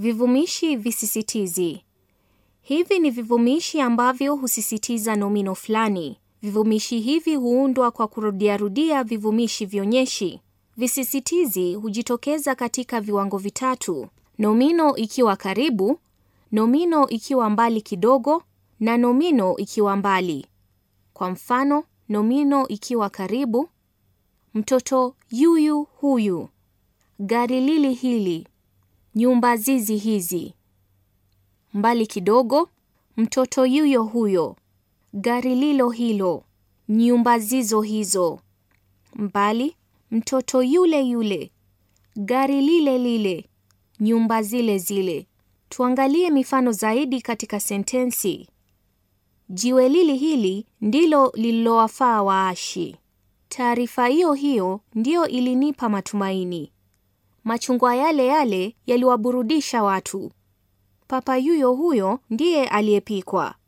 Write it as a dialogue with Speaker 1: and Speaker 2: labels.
Speaker 1: Vivumishi visisitizi. Hivi ni vivumishi ambavyo husisitiza nomino fulani. Vivumishi hivi huundwa kwa kurudiarudia vivumishi vionyeshi. Visisitizi hujitokeza katika viwango vitatu: nomino ikiwa karibu, nomino ikiwa mbali kidogo, na nomino ikiwa mbali. Kwa mfano, nomino ikiwa karibu: mtoto yuyu huyu, gari lili hili. Nyumba zizi hizi. Mbali kidogo, mtoto yuyo huyo. Gari lilo hilo. Nyumba zizo hizo. Mbali, mtoto yule yule. Gari lile lile. Nyumba zile zile. Tuangalie mifano zaidi katika sentensi. Jiwe lili hili ndilo lililowafaa waashi. Taarifa hiyo hiyo ndiyo ilinipa matumaini machungwa yale yale yaliwaburudisha watu. Papa yuyo huyo ndiye aliyepikwa.